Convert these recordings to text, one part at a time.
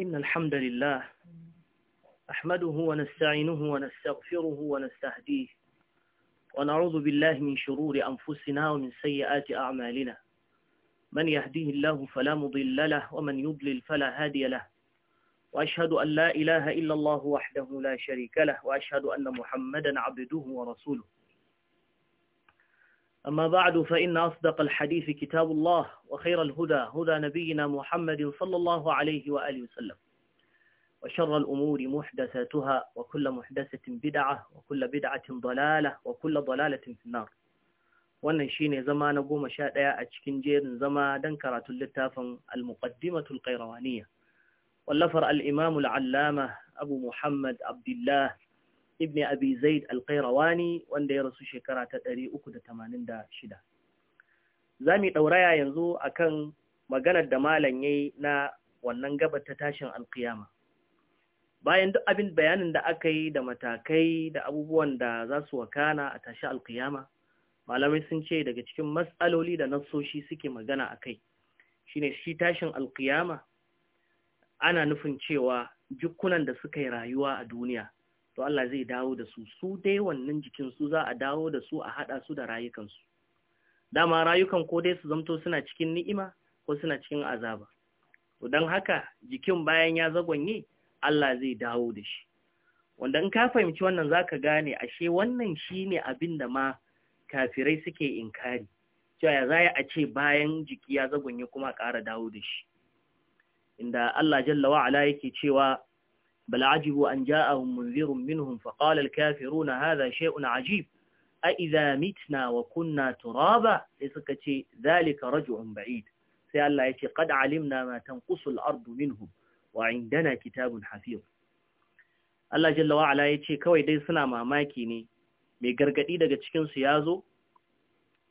إن الحمد لله أحمده ونستعينه ونستغفره ونستهديه ونعوذ بالله من شرور أنفسنا ومن سيئات أعمالنا من يهديه الله فلا مضل له ومن يضلل فلا هادي له وأشهد أن لا إله إلا الله وحده لا شريك له وأشهد أن محمدا عبده ورسوله أما بعد فإن أصدق الحديث كتاب الله وخير الهدى هدى نبينا محمد صلى الله عليه وآله وسلم وشر الأمور محدثاتها وكل محدثة بدعة وكل بدعة ضلالة وكل ضلالة في النار wannan shine zama na goma sha ɗaya a cikin jerin zama don karatun littafin al-muqaddimatul qayrawaniya wallafar al imamul al-allama abu muhammad abdullah ibn abi zaid ne wanda ya rasu shekara ta 386 zamu dauraya yanzu akan maganar da malam yayi na wannan gabar ta tashin alkiyama bayan duk abin bayanin da aka yi da matakai da abubuwan da za su wakana a tashi alkiyama malamai sun ce daga cikin matsaloli da nassoshi suke magana a kai shine shi tashin alkiyama ana nufin cewa jikunan da suka yi rayuwa a duniya to Allah zai dawo da su su dai wannan jikin su za a dawo da su a hada su da rayukansu dama rayukan ko dai su zamto suna cikin ni'ima ko suna cikin azaba to dan haka jikin bayan ya zagonye Allah zai dawo da shi wanda in ka fahimci wannan zaka gane ashe wannan shine abin da ma kafirai suke inkari cewa ya zai a ce bayan jiki ya zagonye kuma ƙara dawo da shi inda Allah jalla wa ala yake cewa بل عجبوا أن جاءهم منذر منهم فقال الكافرون هذا شيء عجيب أئذا متنا وكنا ترابا لسكتي ذلك رجع بعيد سيالا يتي قد علمنا ما تنقص الأرض منهم وعندنا كتاب حفيظ Allah jalla wa'ala ya ce kawai dai suna mamaki ne mai gargadi daga cikinsu ya zo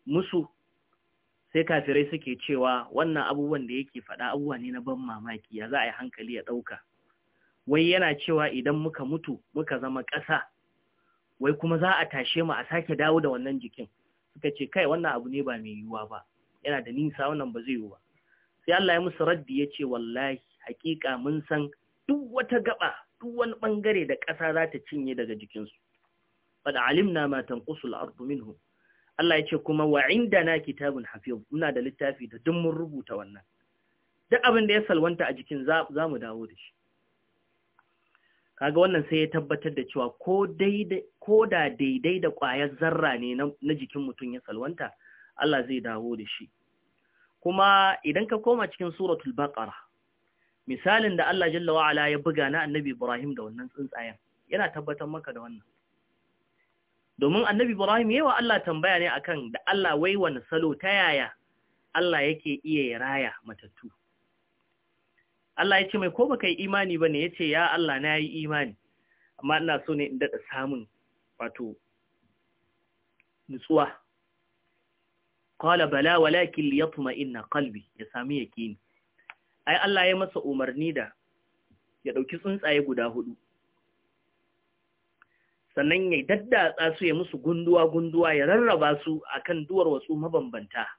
musu sai kafirai suke cewa wannan abubuwan da yake faɗa abubuwa ne na ban mamaki ya za a yi hankali ya ɗauka wai yana cewa idan muka mutu muka zama ƙasa wai kuma za a tashe mu a sake dawo da wannan jikin suka ce kai wannan abu ne ba mai yiwuwa ba yana da nisa wannan ba zai yiwu ba sai Allah ya musu raddi ya ce wallahi hakika mun san duk wata gaba duk wani bangare da ƙasa za ta cinye daga jikinsu qad alimna ma tanqusu al-ardu minhu Allah ya ce kuma wa indana kitabun hafiz muna da littafi da duk mun rubuta wannan duk abin da ya salwanta a jikin za mu dawo da shi kaga wannan sai ya tabbatar da cewa ko da daidai da ƙwayar zarra ne na jikin mutum ya salwanta Allah zai dawo da shi kuma idan ka koma cikin suratul baqara misalin da Allah jalla wa'ala ya buga na annabi Ibrahim da wannan tsuntsayen yana tabbatar maka da wannan domin annabi Ibrahim yawa Allah tambaya ne akan da Allah wai wani salo ta yaya Allah yake iya ya raya matattu Allah ya ce mai ko baka yi imani ba ne ya ce ya Allah na yi imani amma ina so ne in daɗa samun wato nutsuwa qala bala walakin ina kalbi ya sami yakini ai Allah ya masa umarni da ya ɗauki tsuntsaye guda hudu sannan ya daddatsa su ya musu gunduwa gunduwa ya rarraba su akan duwar wasu mabambanta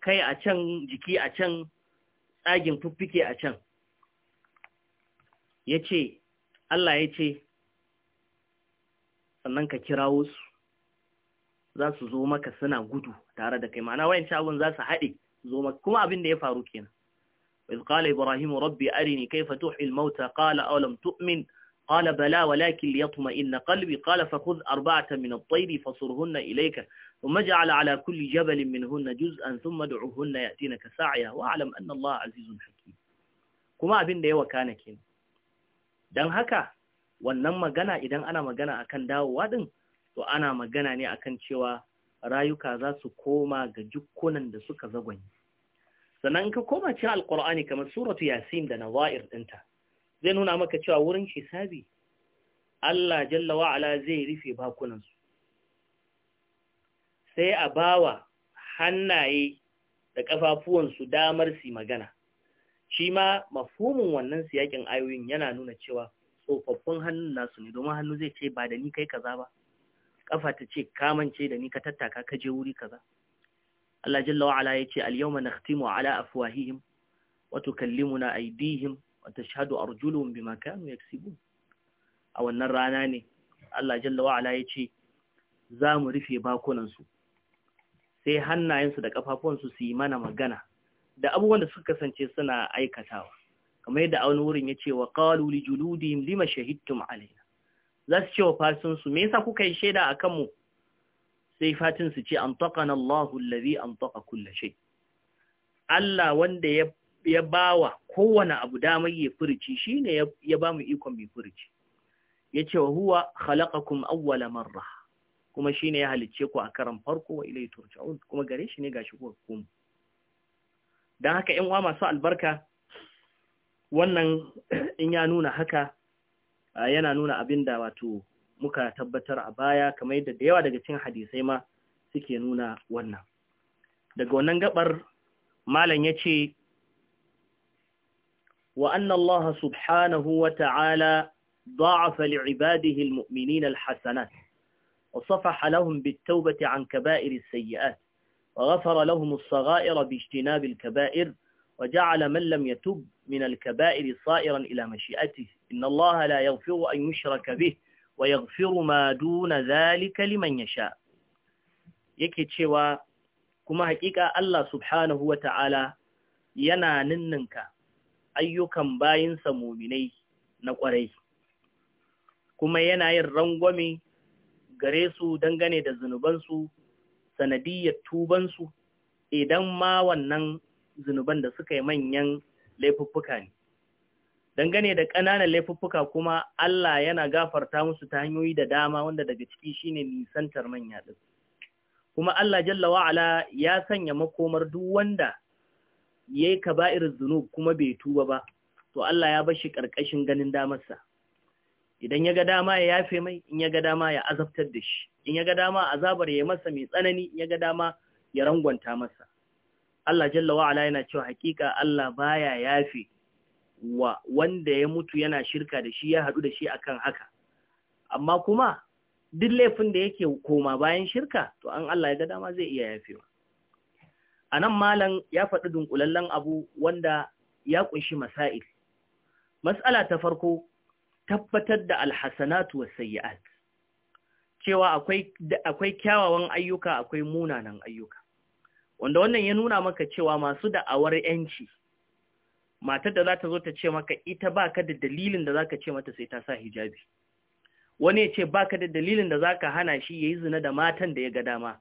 kai a can jiki a can tsagin fiffike a can ya Allah ya ce sannan ka kirawo su za su zo maka suna gudu tare da kai mana wayan abin zasu su haɗe kuma abin da ya faru kenan iz qala ibrahim rabbi arini kai tuhil mauta qala aw lam tu'min bala walakin liyatma'inna qalbi qala fakhudh arba'atan min at-tayr fasurhunna ilayka ثم اجعل على كل جبل منهن جزءا ثم ادعوهن يأتينك ساعيا واعلم أن الله عزيز حكيم kuma abin da yawa kana kenan dan haka wannan magana idan ana magana akan dawowa din to ana magana ne akan cewa rayuka za su koma ga jukkunan da suka zagwanye sannan ka koma cikin alqur'ani kamar suratu yasin da nawair dinta zai nuna maka cewa wurin hisabi Allah jalla wa ala zai rufe bakunan su sai a bawa hannaye da ƙafafuwansu damar su magana shi ma mafhumin wannan siyakin ayoyin yana nuna cewa tsofaffin hannun nasu ne domin hannu zai ce ba da ni kai kaza ba kafa ta ce kamance da ni ka tattaka ka je wuri kaza Allah jalla wa ala yace al yawma nakhtimu ala afwahihim wa tukallimuna aydihim wa tashhadu arjuluhum bima kanu yaksibun a wannan rana ne Allah jalla wa ala yace za mu rufe bakunan su sai hannayensu da kafafuwansu su yi mana magana da abubuwan da suka kasance suna aikatawa kamar yadda a wani wurin ya ce wa qalu li lima shahidtum alaina za su ce wa fatin su me yasa kuka yi shaida a kanmu?" sai fatin su ce "An na Allahu an taka kulla shai." Allah wanda ya ya bawa kowane abu damar ya furci shine ya bamu ikon mai furci ce wa huwa khalaqakum awwala marra kuma ne ya halicce ku a karan farko wa ilai turja'un kuma gare shi ne gashi shi hukum dan haka ƴan uwa masu albarka wannan in ya nuna haka yana nuna abinda wato muka tabbatar a baya kamar yadda da yawa daga cikin hadisai ma suke nuna wannan daga wannan gabar malam ce wa anna Allah subhanahu wa ta'ala ضاعف لعباده المؤمنين الحسنات وصفح لهم بالتوبة عن كبائر السيئات وغفر لهم الصغائر باجتناب الكبائر وجعل من لم يتب من الكبائر صائرا إلى مشيئته إن الله لا يغفر أن يشرك به ويغفر ما دون ذلك لمن يشاء yake cewa kuma hakika Allah subhanahu wa ta'ala yana ninninka ayyukan bayinsa muminai na ƙwarai, kuma yana yin rangwame gare su dangane da zunubansu sanadiyyar tubansu idan ma wannan zunuban da suka yi manyan laifuffuka ne. Dangane da ƙananan laifuffuka kuma Allah yana gafarta musu ta hanyoyi da dama wanda daga ciki shine nisantar manya ɗin. Kuma Allah jalla wa'ala ya sanya makomar duk wanda ya yi kaba'ir zunub kuma bai tuba ba, to Allah ya bashi ƙarƙashin ganin damarsa. idan ya ga dama ya yafe mai in ya ga dama ya azabtar da shi in ya ga dama azabar ya masa mai tsanani in ya ga dama ya rangwanta masa Allah jalla wa ala yana cewa hakika Allah baya yafe wa wanda ya mutu yana shirka da shi ya hadu da shi akan haka amma kuma duk laifin da yake koma bayan shirka to an Allah ya ga dama zai iya yafewa anan malam ya faɗi dunkulallen abu wanda ya kunshi masail mas'ala ta farko tabbatar da alhasanatu wa sayyi'at cewa akwai kyawawan ayyuka akwai munanan ayyuka wanda wannan ya nuna maka cewa masu da'awar yanci matar da za ta zo ta ce maka ita baka da dalilin da zaka ce mata sai ta sa hijabi wani ya ce baka da dalilin da zaka hana shi yayi zina da matan da ya ga dama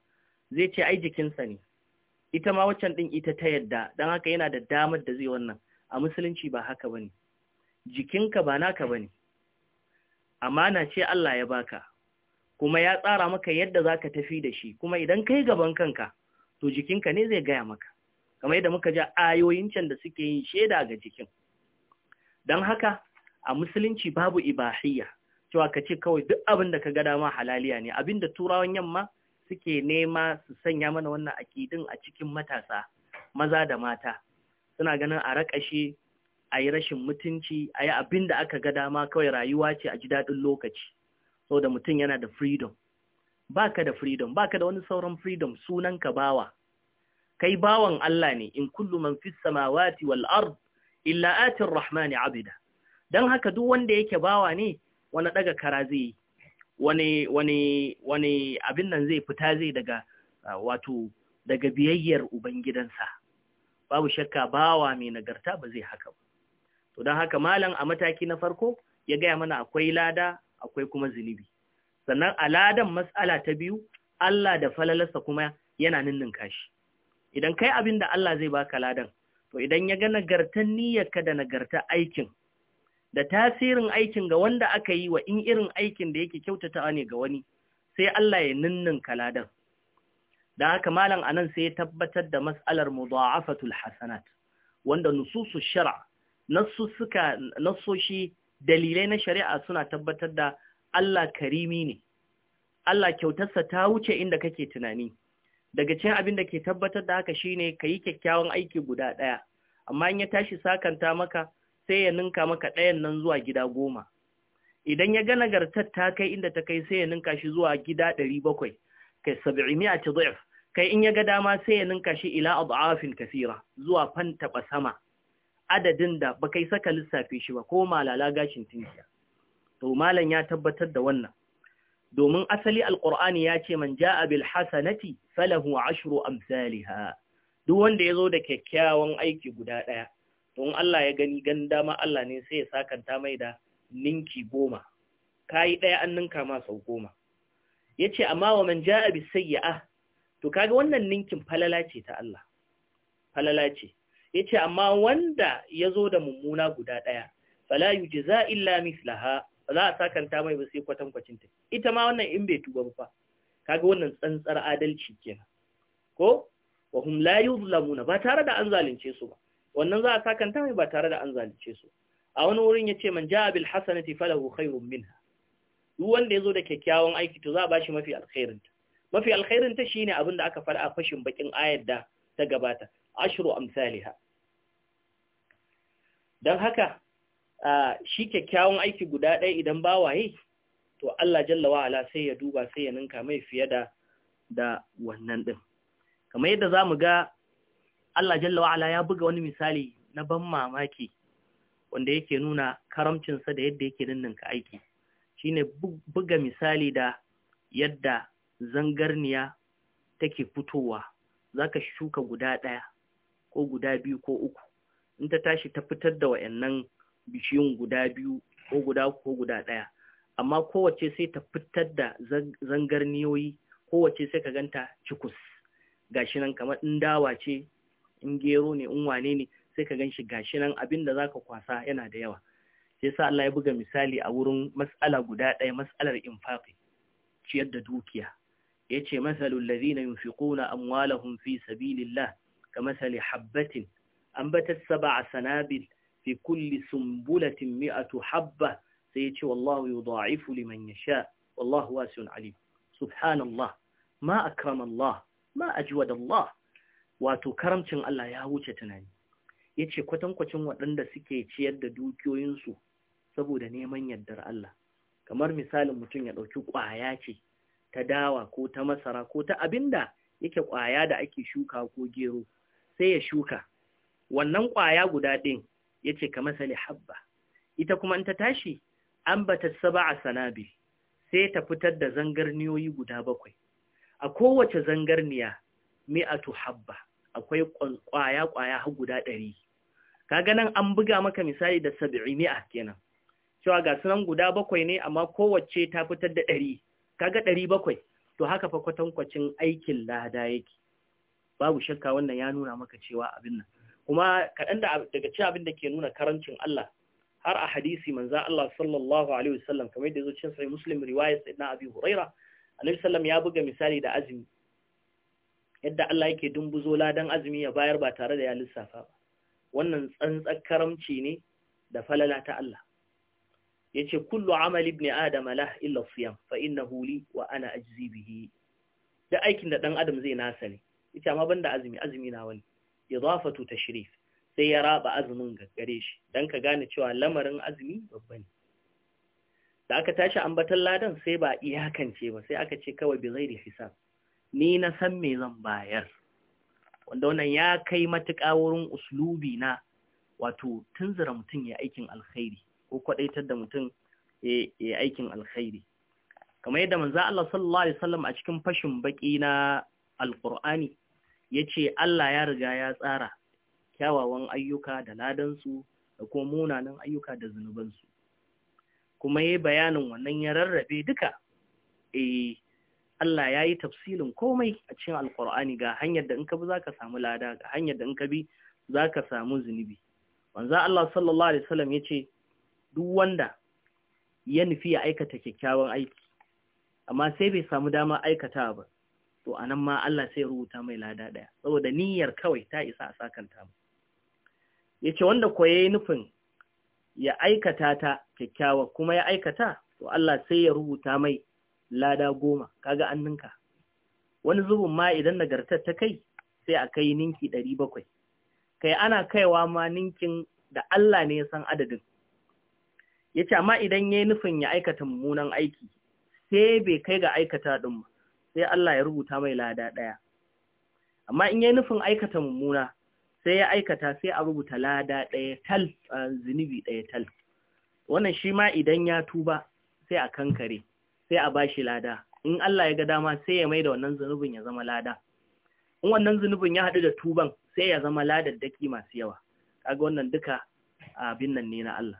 zai ce ai jikinsa ne ita ma waccan ɗin ita ta yadda don haka yana da damar da zai wannan a musulunci ba haka bane jikinka ba naka bane amana ce Allah ya baka kuma ya tsara maka yadda zaka tafi da shi kuma idan kai gaban kanka to jikinka ne zai gaya maka kamar yadda muka ja ayoyin can da suke yin shaida ga jikin don haka a musulunci babu ibahiyya cewa ka ce kawai duk abin da ka ga ma halaliya ne abin da turawan yamma suke nema su sanya mana wannan akidin a cikin matasa maza da mata suna ganin a raƙashe a yi rashin mutunci a yi abin da aka ga dama kawai rayuwa ce a ji daɗin lokaci saboda mutum yana da freedom Ba ka da freedom Ba ka da wani sauran freedom ka bawa kai bawan Allah ne in kullu man fi samawati wal ard illa atir rahmani abida dan haka duk wanda yake bawa ne wani daga kara zai wani wani wani abin nan zai fita zai daga ah, wato daga biyayyar ubangidansa babu shakka bawa mai nagarta ba zai haka ba to don haka malam a mataki na farko ya gaya mana akwai lada akwai kuma zunubi sannan a ladan matsala ta biyu Allah da falalarsa kuma yana ninnin kashi. idan kai abin da Allah zai baka ladan to idan ya ga nagartar niyyarka da nagarta aikin da tasirin aikin ga wanda aka yi wa in irin aikin da yake kyautatawa ne ga wani sai Allah ya ninninka ladan da haka malam a nan sai ya tabbatar da mas'alar mudha'afatul hasanat wanda nususu shar'a nassoshi dalilai na shari'a suna tabbatar da Allah karimi ne Allah kyautarsa ta wuce inda kake tunani daga cikin abin da ke tabbatar da haka shine kayi kyakkyawan aiki guda ɗaya amma in ya tashi sakanta maka sai ya ninka maka ɗayan nan zuwa gida goma idan ya ga nagartar ta kai inda ta kai sai ya ninka shi zuwa gida ɗari bakwai kai sab'imiya ta kai in ya ga dama sai ya ninka shi ila adafin kasira zuwa fan taɓa sama adadin da ba kai saka lissafi shi ba ko malala gashin tunkiya to malam ya tabbatar da wannan domin asali alqur'ani ya ce man jaa bil hasanati falahu ashru amsalha duk wanda yazo da kyakkyawan aiki guda daya to in Allah ya gani gan dama Allah ne sai ya sakanta mai da ninki goma kai daya an ninka ma sau goma yace amma wa man jaa bis sayyi'ah to kaga wannan ninkin falala ce ta Allah falala ce ya ce amma wanda ya zo da mummuna guda ɗaya fala yi za illa mislaha ba za a sakanta mai ba sai kwatankwacin ta ita ma wannan in bai tuba ba kaga wannan tsantsar adalci kenan ko wa hum la yuzlamuna ba tare da an zalunce su ba wannan za a sakanta mai ba tare da an zalunce su a wani wurin yace man ja bil hasanati falahu khairun minha duk wanda ya zo da kyakkyawan aiki to za a bashi mafi alkhairin ta mafi alkhairin ta shine abin da aka fara a fashin bakin ayar da ta gabata ashru amsalha don haka shi kyakkyawan aiki guda ɗaya idan ba waye to Allah jalla wa'ala sai ya duba sai ya ninka mai fiye da da wannan ɗin kamar yadda za mu ga Allah jalla wa'ala ya buga wani misali na ban mamaki wanda yake nuna karamcinsa da yadda yake ninka aiki shi ne buga misali da yadda zangarniya take fitowa za ka shuka guda ɗaya ko guda biyu ko uku in ta tashi ta fitar da wa'annan bishiyun guda biyu ko guda ko guda ɗaya amma kowace sai ta fitar da zangarniyoyi kowace sai ka ganta cikus gashi nan kamar in dawa ce in gero ne in wane ne sai ka ganshi gashi nan abin da zaka kwasa yana da yawa sai sa Allah ya buga misali a wurin mas'ala guda ɗaya mas'alar infaqi ciyar da dukiya yace masalul ladina yunfiquna amwalahum fi sabilillah kamathali habatin ambatar saba'a sanabil fi kulli sumbulatin mi'atu habba sai yace wallahu yudha'ifu liman yasha wallahu wasi'un alim subhanallah ma akrama ma ajwada wato karamcin Allah ya wuce tunani yace kwatankwacin waɗanda suke ciyar da dukiyoyinsu saboda neman yardar Allah kamar misalin mutum ya ɗauki kwaya ce ta dawa ko ta masara ko ta abinda yake kwaya da ake shuka ko gero sai ya shuka wannan ƙwaya guda ɗin ya ce ka masali habba ita kuma in ta tashi an ba ta saba a sanabi sai ta fitar da zangarniyoyi guda bakwai a kowace zangarniya mi'atu habba akwai ƙwaya-ƙwaya har guda ɗari kaga nan an buga maka misali da sab'i mi'a kenan cewa ga sunan guda bakwai ne amma kowace ta fitar da ɗari kaga ɗari bakwai to haka fa kwatankwacin aikin lada yake babu shakka wannan ya nuna maka cewa abin nan kuma kaɗan daga ci abin da ke nuna karancin Allah har a hadisi manza Allah sallallahu alaihi wasallam kamar yadda zo cin sai muslim riwaya na abi huraira alaihi sallam ya buga misali da azumi yadda Allah yake dumbuzo ladan azumi ya bayar ba tare da ya lissafa ba wannan tsantsar karamci ne da falala ta Allah yace kullu amal ibn adam la illa siyam fa innahu li wa ana ajzi bihi da aikin da dan adam zai nasa ne yace amma banda azumi azumi na wani idafatu tashrif sai ya raba azumin gaggare shi dan ka gane cewa lamarin azumi babba ne da aka tashi ambatan ladan sai ba iyakance ba sai aka ce kawai bi ghairi hisab ni na san me zan bayar wanda wannan ya kai matuka wurin uslubi na wato tunzura mutum ya aikin alkhairi ko kwadaitar da mutum ya aikin alkhairi kamar yadda manzo Allah sallallahu a cikin fashin baki na alqur'ani ya ce Allah ya riga ya tsara kyawawan ayyuka da ladansu da kuma munanan ayyuka da zunubansu kuma ya bayanin wannan ya rarrabe duka eh Allah ya yi tafsilin komai a cikin alkur'ani ga hanyar da in ka bi za ka samu lada ga hanyar da in ka bi za ka samu zunubi wanzu Allah sallallahu Alaihi wasallam ya ce duk wanda ya nufi ya aikata kyakkyawan aiki amma sai bai samu dama aikata ba to a nan ma Allah sai rubuta mai lada ɗaya saboda niyyar kawai ta isa a sakanta mu yace wanda koye nufin ya aikata ta kyakkyawa kuma ya aikata to Allah sai ya rubuta mai lada goma kaga an wani zubin ma idan nagartar ta kai sai a kai ninki ɗari bakwai kai ana kaiwa ma ninkin da Allah ne ya san adadin ya ce amma idan ya yi nufin ya aikata mummunan aiki sai bai kai ga aikata ɗin ba sai Allah ya rubuta mai lada ɗaya. Amma in yi nufin aikata mummuna, sai ya aikata sai a rubuta lada ɗaya tal, zunubi ɗaya tal. Wannan shi ma idan ya tuba sai a kankare, sai a ba shi lada. In Allah ya ga dama sai ya mai da wannan zunubin ya zama lada. In wannan zunubin ya haɗu da tuban sai ya zama ladaddaki masu yawa. Kaga wannan duka abin nan ne na Allah.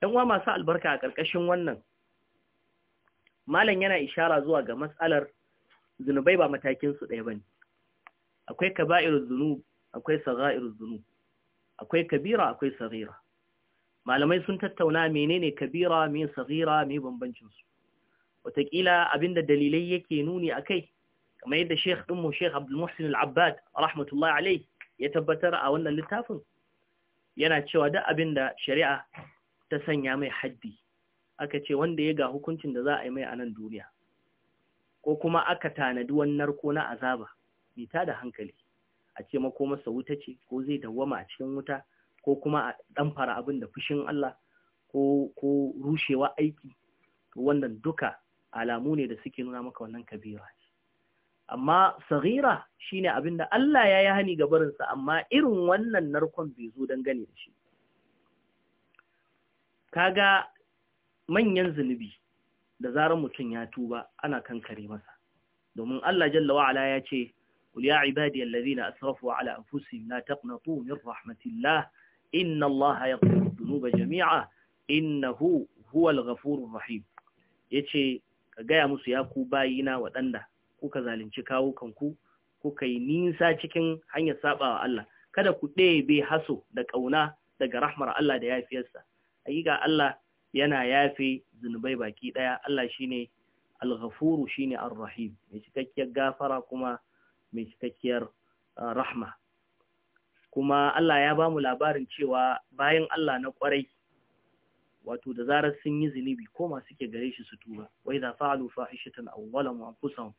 ‘Yan uwa masu albarka a ƙarƙashin wannan, Malam yana ishara zuwa ga matsalar zunubai ba matakin su ɗaya bane akwai kaba'irul zunub akwai sagha'irul zunub akwai kabira akwai saghira malamai sun tattauna menene kabira me saghira me bambancin su wataƙila abinda dalilai yake nuni akai kamar yadda Sheikh ɗinmu Sheikh Abdul Muhsin Al-Abbad rahmatullahi alayh ya tabbatar a wannan littafin yana cewa duk abinda shari'a ta sanya mai haddi aka ce wanda ya ga hukuncin da za a yi mai a nan duniya ko kuma aka tanadi wani narko na azaba bai da hankali a ce masa wuta ce ko zai dawwama a cikin wuta ko kuma a ɗanfara abin da fushin Allah ko rushewa aiki wannan duka alamu ne da suke nuna maka wannan kabira amma shi shine abin da Allah ya yi hani ga barinsa amma irin wannan narkon bai zo don gane da shi Ka ga manyan zunubi da zarar mutum ya tuba ana kankare masa domin Allah jalla wa ala ya ce qul ya ibadi allazina asrafu ala anfusihim la taqnatu min rahmatillah inna Allah yaghfiru dhunuba jami'a innahu huwal ghafurur rahim yace ka gaya musu ya ku bayina waɗanda kuka zalunci kawo kanku kuka yi nisa cikin hanyar sabawa Allah kada ku ɗebe haso da ƙauna daga rahmar Allah da yafiyarsa hakika Allah yana yafe zunubai baki ɗaya Allah shine al-ghafuru shine ar-rahim mai cikakkiyar gafara kuma mai cikakkiyar ah, rahma kuma Allah ya bamu labarin cewa bayan Allah na kwarai wato da zarar sun yi zunubi ko suke gare shi su tuba wa idza fa'alu fahishatan aw zalamu anfusahum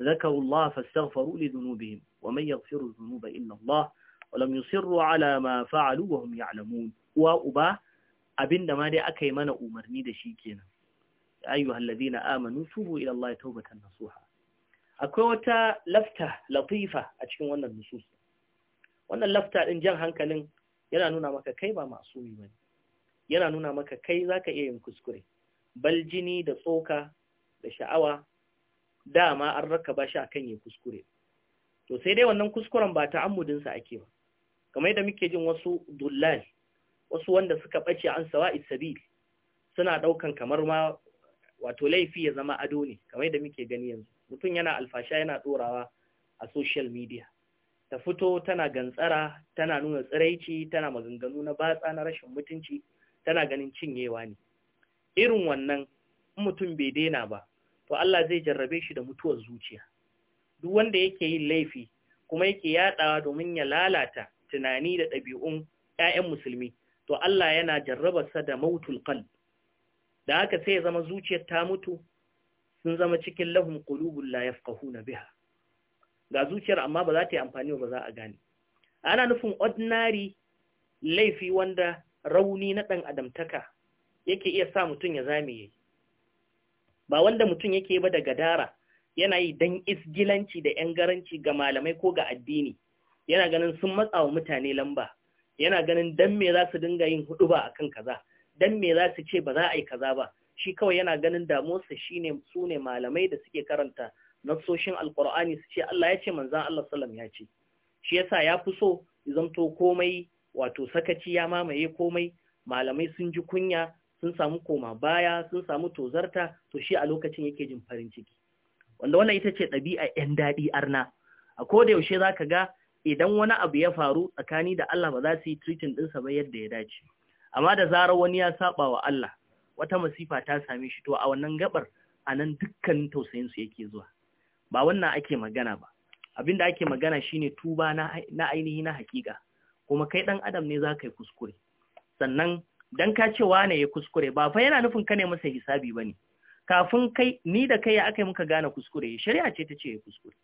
ذكروا الله فاستغفروا لذنوبهم ومن يغفر الذنوب إلا الله ولم يصروا على ما فعلوا وهم يعلمون وأبا Abin da ma dai aka yi mana umarni da shi kenan ayyuhal ladina amanu tubu ila Allah tawbatan nasuha akwai wata lafta latifa a cikin wannan nusus wannan lafta din jan hankalin yana nuna maka kai ba masumi bane yana nuna maka kai zaka iya yin kuskure bal jini da tsoka da sha'awa dama an raka ba shi akan ya kuskure to sai dai wannan kuskuren ba ta ammudin sa ake ba kamar da muke jin wasu dullal wasu wanda suka ɓace an sawa'is sabil suna ɗaukan kamar ma wato laifi ya zama ado ne kamar yadda muke gani yanzu mutum yana alfasha yana ɗorawa a social media ta fito tana gantsara tana nuna tsiraici tana maganganu na batsa na rashin mutunci tana ganin cinyewa ne irin wannan in mutum bai daina ba to Allah zai jarrabe shi da mutuwar zuciya duk wanda yake yin laifi kuma yake yadawa domin ya lalata tunani da ɗabi'un ƴaƴan musulmi to Allah yana jarrabarsa da mautul qalb da haka sai ya zama zuciyar ta mutu sun zama cikin lahum qulubul la yafqahuna biha ga zuciyar amma ba za ta yi amfani ba za a gane ana nufin ordinary laifi wanda rauni na dan adamtaka yake iya sa mutum ya zame yayi ba wanda mutum yake ba da gadara yana yi dan isgilanci da yan garanci ga malamai ko ga addini yana ganin sun matsawa mutane lamba yana ganin dan me za su dinga yin hudu ba akan kaza dan me za su ce ba za a yi kaza ba shi kawai yana ganin damuwarsa shine su ne malamai da suke karanta nasoshin alkur'ani su ce Allah ya ce manzan Allah sallam ya ce shi yasa ya fi so ya zamto komai wato sakaci ya mamaye komai malamai sun ji kunya sun samu koma baya sun samu tozarta to shi a lokacin yake jin farin ciki wanda wannan ita ce ɗabi'a 'yan daɗi arna a koda yaushe za ka ga idan wani abu ya faru tsakani da Allah ba za su yi treating ɗinsa ba yadda ya dace amma da zarar wani ya saba wa Allah wata masifa ta same shi to a wannan gabar a nan dukkanin tausayinsu yake zuwa ba wannan ake magana ba abin da ake magana shine tuba na ainihi na hakika kuma kai ɗan adam ne za ka yi kuskure sannan don ka ce wane ya kuskure ba fa yana nufin ka ne masa hisabi ba ne, kafin kai ni da kai ya aka yi muka gane kuskure shari'a ce ta ce ya kuskure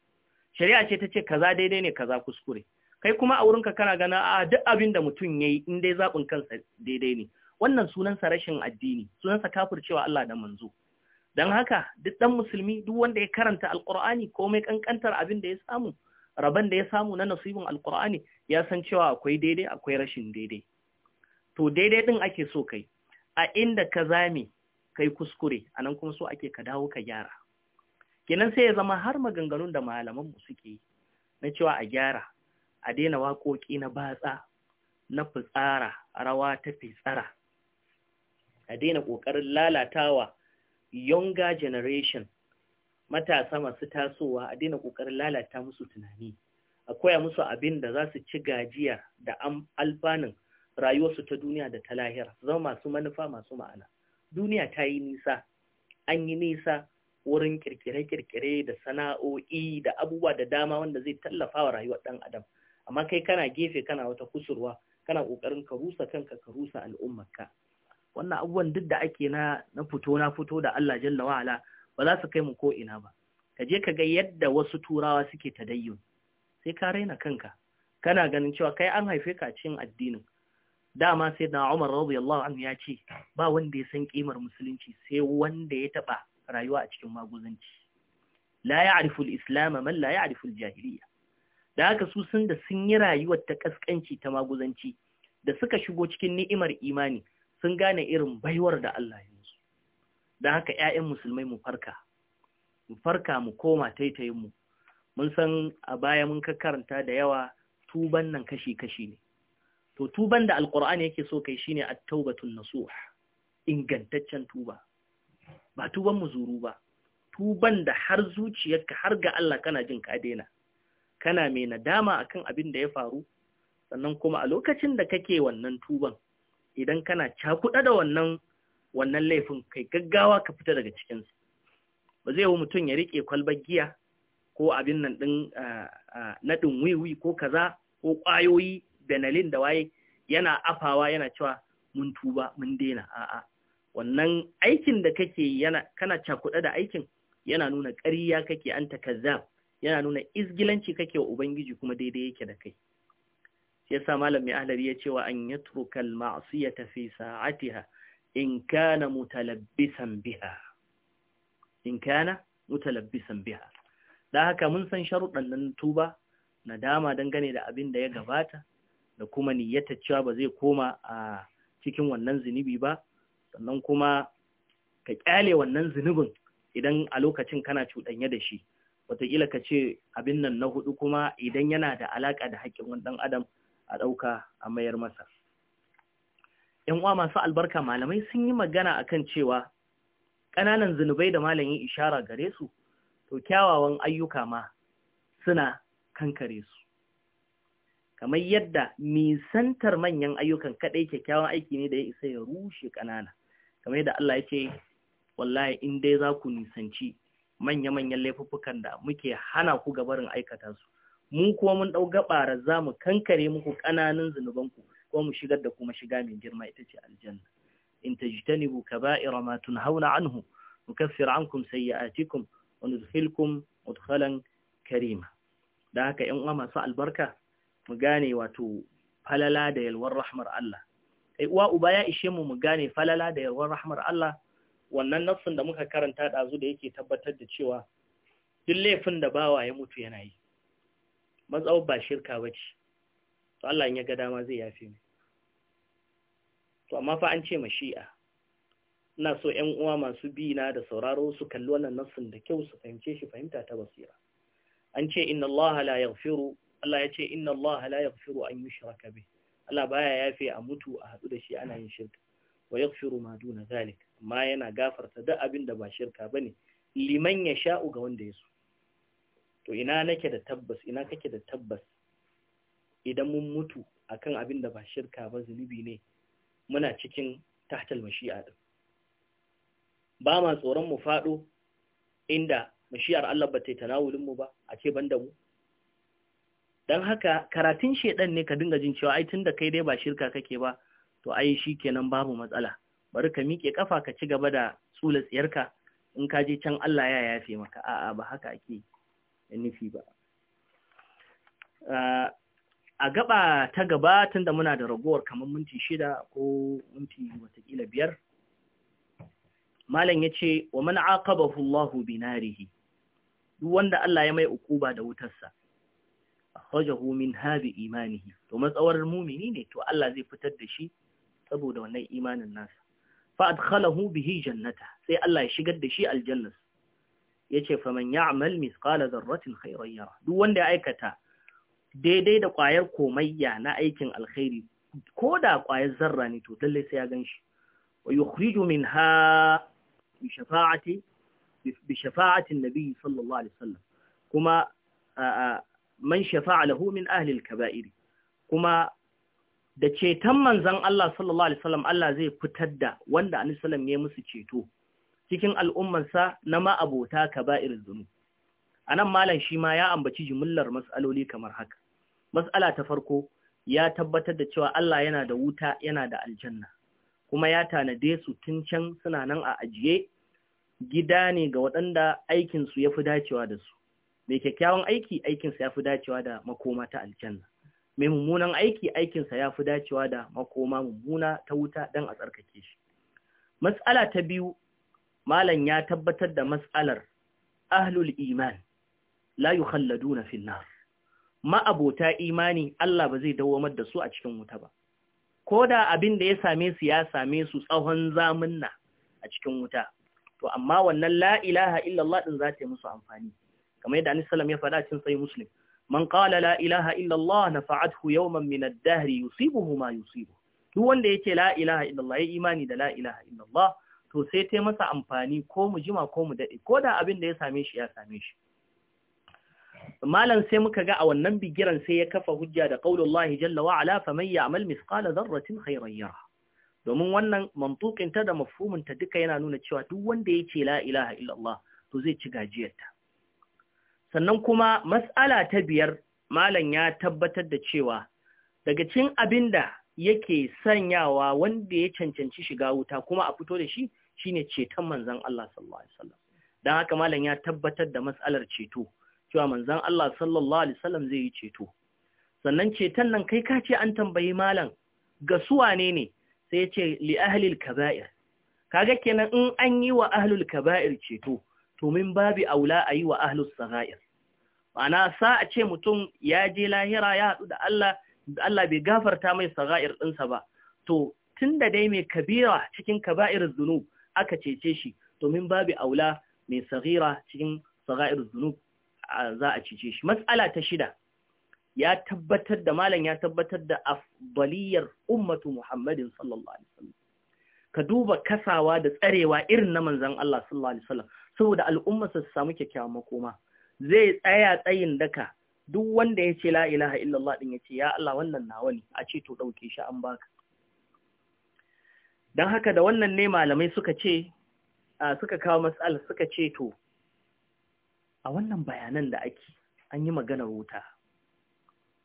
shari'a ce ta ce kaza daidai ne kaza kuskure kai kuma a wurinka kana gana a duk abin da mutum ya yi in dai zaɓin kansa daidai ne wannan sunansa rashin addini sunansa cewa Allah da manzo don haka duk ɗan musulmi duk wanda ya karanta alƙur'ani ko mai ƙanƙantar abin da ya samu rabon da ya samu na nasibin alƙur'ani ya san cewa akwai daidai akwai rashin daidai to daidai ɗin ake so kai a inda ka zame kai kuskure anan kuma so ake ka dawo ka gyara kenan sai ya zama har maganganun da malaman mu suke na cewa a gyara a daina waƙoƙi na batsa na fitsara rawa ta fitsara a daina ƙoƙarin lalatawa younger generation matasa masu tasowa a daina ƙoƙarin lalata musu tunani a koya musu abin da za su ci gajiya da alfanun rayuwarsu ta duniya da ta lahira zama masu manufa masu ma'ana duniya ta yi nisa an yi nisa wurin kirkire-kirkire da sana'o'i da abubuwa da dama wanda zai tallafa wa rayuwar ɗan adam amma kai kana gefe kana wata kusurwa kana ƙoƙarin ka rusa kanka ka rusa al'ummarka wannan abubuwan duk da ake na na fito na fito da Allah jalla wa'ala ba za su kai mu ko ina ba ka je ka ga yadda wasu turawa suke tadayyun sai ka raina kanka kana ganin cewa kai an haife ka cikin addinin dama sai da Umar radiyallahu anhu ya ce ba wanda ya san kimar musulunci sai wanda ya taba rayuwa a cikin maguzanci la ya'rifu al-islam man la ya'rifu al-jahiliya da haka su sun da sun yi rayuwar ta kaskanci ta maguzanci da suka shigo cikin ni'imar imani sun gane irin baiwar da Allah ya musu da haka 'ya'yan musulmai mu farka mu farka mu koma taitayin mun san a baya mun karanta da yawa tuban nan kashi-kashi ne to tuban da alqur'ani yake so kai shine at-taubatun nasuh ingantaccen tuba ba tuban muzuru ba tuban da har zuciyarka har ga Allah kana jin ka daina kana mai nadama akan abin da ya faru sannan kuma a lokacin da kake wannan tuban idan kana cakuɗa da wannan wannan laifin kai gaggawa ka fita daga cikinsu ba zai yi mutum ya riƙe kwalbar giya ko abin nan ɗin naɗin wiwi ko kaza ko ƙwayoyi benalin da waye yana afawa yana cewa mun tuba mun daina a'a wannan aikin da kake yana kana cakuɗa da aikin yana nuna ƙarya kake an takazza yana nuna izgilanci kake wa ubangiji kuma daidai yake da kai shi yasa malam mai ahlari ya cewa an yatruka al-ma'siyata fi sa'atiha in kana mutalabbisan biha in kana mutalabbisan biha dan haka mun san sharuɗan nan tuba nadama dangane da abin da ya gabata da kuma niyyata cewa ba zai koma a cikin wannan zunubi ba sannan kuma ka kyale wannan zunubin idan a lokacin kana cuɗanye da shi wataƙila ka ce abin nan na hudu kuma idan yana da alaƙa da haƙƙin wani ɗan adam a ɗauka a mayar masa ‘yan uwa masu albarka malamai sun yi magana akan cewa ƙananan zunubai da malamin ishara gare su to kyawawan ayyuka ma suna kankare su kamar yadda misantar manyan ayyukan kaɗai kyakkyawan aiki ne da ya isa ya rushe ƙanana kamar yadda Allah ya ce wallahi in dai za ku nisanci manya-manyan laifukan da muke hana ku gabarin aikata su mu kuma mun dau gabara za mu kankare muku kananan ku ko mu shigar da kuma shiga mai girma ita ce aljanna in tajtanibu kaba'ira ma tunhauna anhu nukaffir ankum sayyi'atikum wa nudkhilkum mudkhalan karima da haka 'yan uwa masu albarka mu gane wato falala da yalwar rahmar Allah kai uwa uba ya ishe mu mu gane falala da yarwar rahmar Allah wannan nassin da muka karanta dazu da yake tabbatar da cewa duk laifin da bawa ya mutu yana yi matsawar ba shirka ba ce to Allah ya ga dama zai yafe mu to amma fa an ce mashi'a ina so ƴan uwa masu bi na da sauraro su kalli wannan nassin da kyau su fahimce shi fahimta ta basira an ce inna Allah la yaghfiru Allah ya ce inna Allah la yaghfiru an yushraka bihi Allah baya yafe a mutu a hadu da shi ana yin shirka wa yaghfiru ma duna zalik amma yana gafarta duk abin da ba shirka bane liman ya sha'u ga wanda ya so to ina nake da tabbas ina kake da tabbas idan mun mutu akan abin da ba shirka ba zunubi ne muna cikin tahtal mashi'a din ba ma tsoron mu faɗo inda mashi'ar Allah ba ta tanawulin mu ba Ake ce ban mu don haka karatun shedan ne ka dinga jin cewa ai tun da kai dai ba shirka kake ba to ai shi kenan babu matsala bari ka miƙe kafa ka ci gaba da tsula tsiyarka in ka je can Allah ya yafe maka a'a ba haka ake nufi ba ah, a gaba ta gaba tunda muna da ragowar kamar minti shida ko minti watakila biyar malam ya ce wa man aqabahu Allahu binarihi duk wanda Allah ya mai ukuba da wutarsa akhrajahu min habi imanihi to matsawar mumini ne to Allah zai fitar da shi saboda wannan imanin nasa fa adkhalahu bihi jannata sai Allah ya shigar da shi aljanna yace man ya'mal mithqala dharratin khayran yara duk wanda ya aikata daidai da kwayar komayya na aikin alkhairi ko da kwayar zarra ne to lalle sai ya ganshi wa yukhriju minha bi shafa'ati bi shafa'ati an-nabi sallallahu alaihi wasallam kuma man shafa'a lahu min ahli al-kaba'ir kuma da ceton manzon Allah sallallahu alaihi wasallam Allah zai fitar da wanda annabi sallallahu ya musu ceto cikin sa na ma ma'abota kaba'ir zunub anan malam shi ma ya ambaci jumlar mas'aloli kamar haka mas'ala ta farko ya tabbatar da cewa Allah yana da wuta yana da aljanna kuma ya tanade su tun can suna nan a ajiye gida ne ga waɗanda aikinsu ya fi dacewa da su mai kyakkyawan aiki aikinsa ya fi dacewa da makoma ta aljanna mai mummunan aiki aikinsa ya fi dacewa da makoma mummuna ta wuta don a tsarkake shi matsala ta biyu malam ya tabbatar da matsalar ahlul iman la yukhalladuna fil nar ma'abota imani Allah ba zai dawamar da su a cikin wuta ba ko da abin da ya same su ya same su tsawon zamanna a cikin wuta to amma wannan la ilaha illallah din za ta yi musu amfani kamar yadda annabi wasallam ya faɗa cikin sahih muslim man qala la ilaha illa allah nafa'athu yawman min ad-dahr yusibuhu ma yusibu duk wanda yace la ilaha illa allah yayi imani da la ilaha illa allah to sai ta masa amfani ko mu jima ko mu dade ko da abin da ya same shi ya same shi malam sai muka ga a wannan bigiran sai ya kafa hujja da qaulullahi jalla wa ala faman ya'mal mithqala dharratin khayran yara domin wannan mantukin ta da mafhumin ta duka yana nuna cewa duk wanda yace la ilaha illallah to zai ci gajiyarta sannan kuma mas'ala ta biyar malam ya tabbatar da cewa daga cin abin da yake sanyawa wanda ya cancanci shiga wuta kuma a fito da shi shine ceton manzon Allah sallallahu alaihi wasallam dan haka malam ya tabbatar da matsalar ceto cewa manzon Allah sallallahu alaihi wasallam zai yi ceto sannan ceton nan kai ka ce an tambayi malam ga su wane ne sai ya ce li ahlil kaba'ir kaga kenan in an yi wa ahlul kaba'ir ceto to min babi aula ayi wa as sagha'ir ma'ana sa a ce mutum ya je lahira ya haɗu da Allah Allah bai gafarta mai saga'ir ɗinsa ba to tun da dai mai kabira cikin kaba'ir zunub aka cece shi domin babu aula mai sagira cikin saga'ir zunub za a cece shi matsala ta shida ya tabbatar da malam ya tabbatar da afdaliyar ummatu muhammadin sallallahu alaihi wasallam ka duba kasawa da tsarewa irin na manzon Allah sallallahu alaihi wasallam saboda al'umma su samu kyakkyawan makoma zai tsaya tsayin daka duk wanda ya ce la ilaha illallah ɗin ya ce ya Allah wannan nawa ne a ce to ɗauke shi an baka don haka da wannan ne malamai suka ce suka kawo matsala suka ce to a wannan bayanan da ake an yi maganar wuta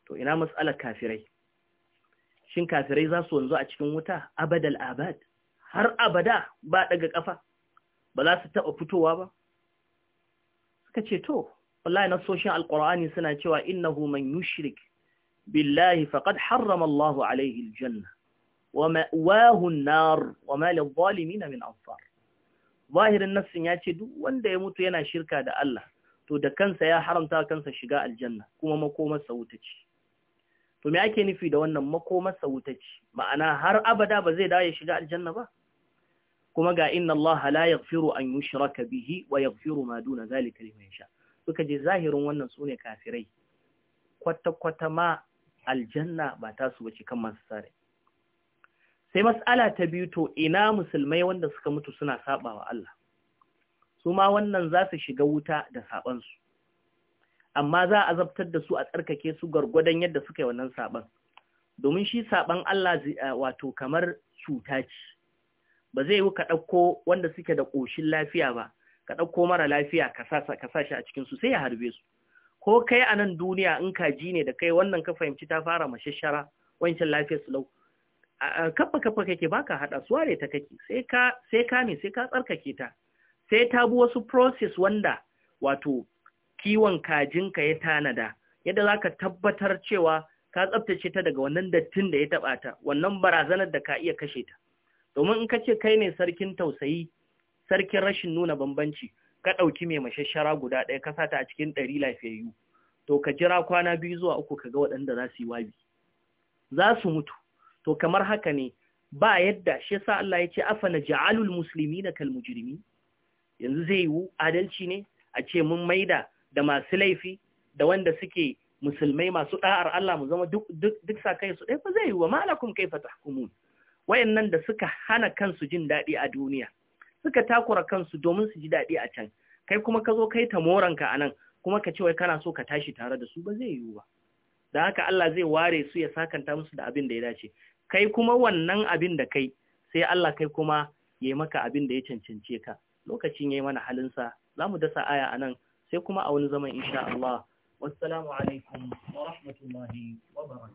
to ina matsalar kafirai shin kafirai za su wanzu a cikin wuta abadal abad har abada ba daga kafa ba za su taɓa fitowa ba suka ce to wallahi nasoshin alqur'ani suna cewa innahu man yushrik billahi faqad harrama Allahu alaihi aljanna wa ma'wahu an-nar wa ma lidh-dhalimin min ansar zahirin nassin ya ce duk wanda ya mutu yana shirka da Allah to da kansa ya haramta kansa shiga aljanna kuma makomarsa wuta ce to me ake nufi da wannan makomarsa wuta ce ma'ana har abada ba zai dawo ya shiga aljanna ba kuma ga inna Allah la yaghfiru an yushraka bihi wa yaghfiru ma duna zalika liman yasha suka je zahirin wannan su ne kafirai kwata-kwata ma aljanna ba ta su wace kan masu sare sai matsala ta biyu to ina musulmai wanda suka mutu suna saba wa Allah su ma wannan za su shiga wuta da sabansu amma za a zabtar da su a tsarkake su gwargwadon yadda suka yi wannan saban domin shi saban Allah wato kamar cuta ce ba zai yi ka ɗauko wanda suke da ƙoshin lafiya ba ka ɗauko mara lafiya ka sa shi a cikinsu sai ya harbe su ko kai a nan duniya in kaji ne da kai wannan ka fahimci ta fara mashashara wancan lafiyar su lau kafa kafa kake baka haɗa su ware ta kake sai ka ne sai ka tsarkake ta sai ta bi wasu process wanda wato kiwon kajin ka ya tanada yadda za ka tabbatar cewa ka tsabtace ta daga wannan dattin da ya taɓa ta wannan barazanar da ka iya kashe ta domin in ka ce kai ne sarkin tausayi sarkin rashin nuna bambanci ka ɗauki mai mashashara guda ɗaya ka sata a cikin ɗari lafiyayyu to ka jira kwana biyu zuwa uku ka ga waɗanda za su yi wabi za su mutu to kamar haka ne ba yadda shi yasa Allah ya ce afana ja'alul muslimina kal mujrimi yanzu zai yiwu adalci ne a ce mun maida da masu laifi da wanda suke musulmai masu ɗa'ar Allah mu zama duk duk duk kai su dai fa zai yiwu malakum kaifa tahkumun wayannan da suka hana kansu jin daɗi a duniya suka takura kansu domin su ji daɗi a can kai kuma ka zo kai tamoranka a nan kuma ka ce wai kana so ka tashi tare da su ba zai yiwu ba da haka Allah zai ware su ya sakanta musu da abin da ya dace kai kuma wannan abin da kai sai Allah kai kuma ya yi maka abin da ya cancance ka lokacin ya yi mana halinsa za mu dasa aya a nan sai kuma a wani zaman insha Allah wassalamu alaikum wa rahmatullahi wa